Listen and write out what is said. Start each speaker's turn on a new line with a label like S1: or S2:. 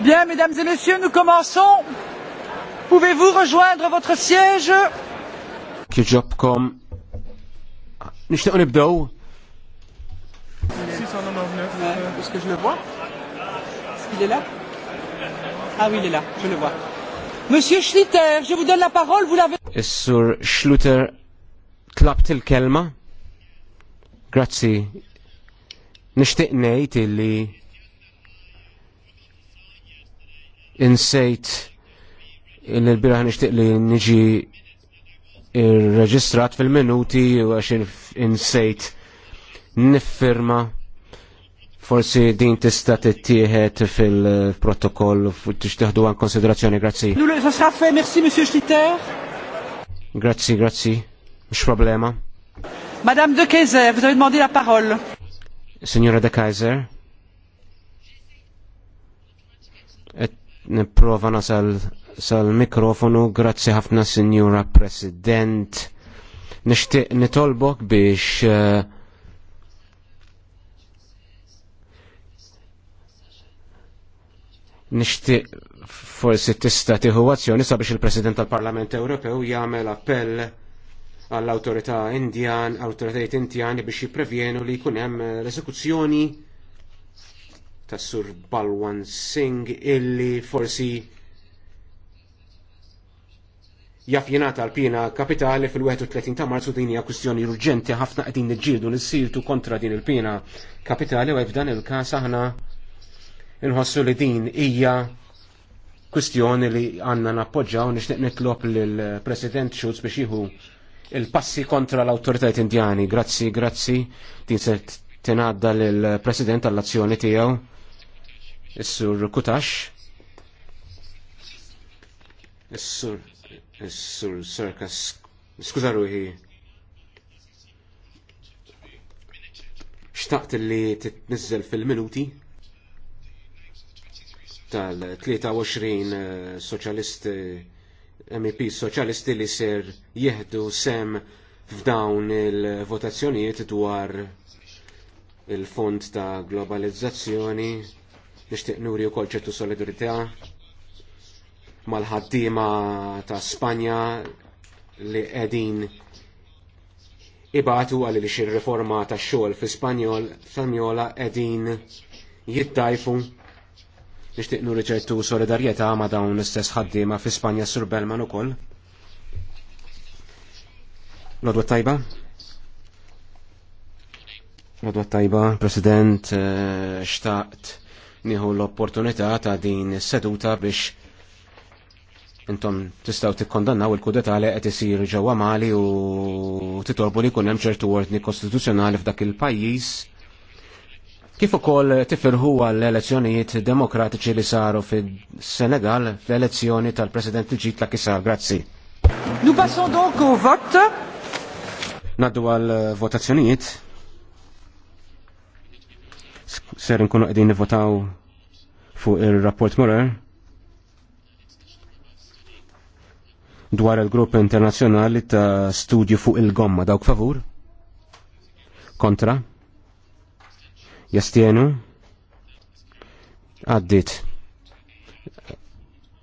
S1: Bien, mesdames et messieurs, nous commençons. Pouvez-vous rejoindre votre siège Kieġobkom. Nishtiq nibdew. Est-ce que je le vois Est-ce qu'il est là Ah oui, il est là, je le vois. Monsieur Schlitter, je vous donne la parole, vous l'avez... Is-sur Schluter tlabt il-kelma? Grazzi, Nixtieq ngħid illi insejt illi l-biraħ nixtieq li niġi reġistrat fil-minuti u għax insejt niffirma forsi din tista' tittieħed fil-protokoll u tixtieħdu għan konsiderazzjoni, grazzi. merci, Monsieur Schlitter. Grazzi, grazzi, mux problema. Madame de Kaiser, vous avez demandé la parole. Signora De Kaiser, et niprofa nasal sal-mikrofonu, grazzi ħafna Signora President. Nishtiq nitolbok biex uh, nishtiq forsi tista' tieħu azzjoni sabiex il-President tal-Parlament Ewropew jagħmel appell għall-autorità indjan, autoritajiet indjani biex jipprevjenu li jkun hemm eh, l-esekuzzjoni tas Sur Balwan Singh illi forsi jafjenata l-pina kapitali fil-31 ta' marzu din hija kwistjoni urġenti ħafna qegħdin niġġieldu nissirtu kontra din il-pina kapitali u f'dan il-każ aħna inħossu li din hija kwistjoni li għandna nappoġġaw nixtieq nitlob lill-President Schulz biex jieħu il-passi kontra l-autoritajiet indjani. Grazzi, grazzi. Din se tingħadda lill-President għall-azzjoni tiegħu, is-Sur Kutax. Is-Sur is-Sur Sarkas. Skuża ruħi. Xtaqt li t-nizzel fil-minuti tal-23 eh, soċjalisti MEP soċjalisti li ser jieħdu sem f'dawn il-votazzjonijiet dwar il-fond ta' globalizzazzjoni nixtieq nuri wkoll ċertu solidarità mal-ħaddiema ta' Spanja li qegħdin ibatu għal li xi riforma tax xogħol fi Spanjol Spanjola qegħdin jittajfu nixtieq nuri ċertu solidarjetà ma' dawn l-istess ħaddiema fi Spanja sur Belman ukoll. Lodwa tajba? Lodwa tajba, President, eh, xtaqt nieħu l-opportunità ta' din is-seduta biex intom tistaw tikkondannaw il-kudeta li qed isir ġewwa Mali u titolbu li jkun hemm ċertu ordni kostituzzjonali f'dak il-pajjiż Kif ukoll tifirħu għall elezzjonijiet demokratiċi li saru fi senegal fl-elezzjoni tal-President Tġit la kisa Grazzi. Nu passons donc au vote. Naddu għal votazzjonijiet. Ser nkunu qegħdin nivvotaw fuq ir-rapport Murer. dwar il-grupp internazzjonali ta' studju fuq il-gomma dawk favur? Kontra? Jastienu? Għaddit.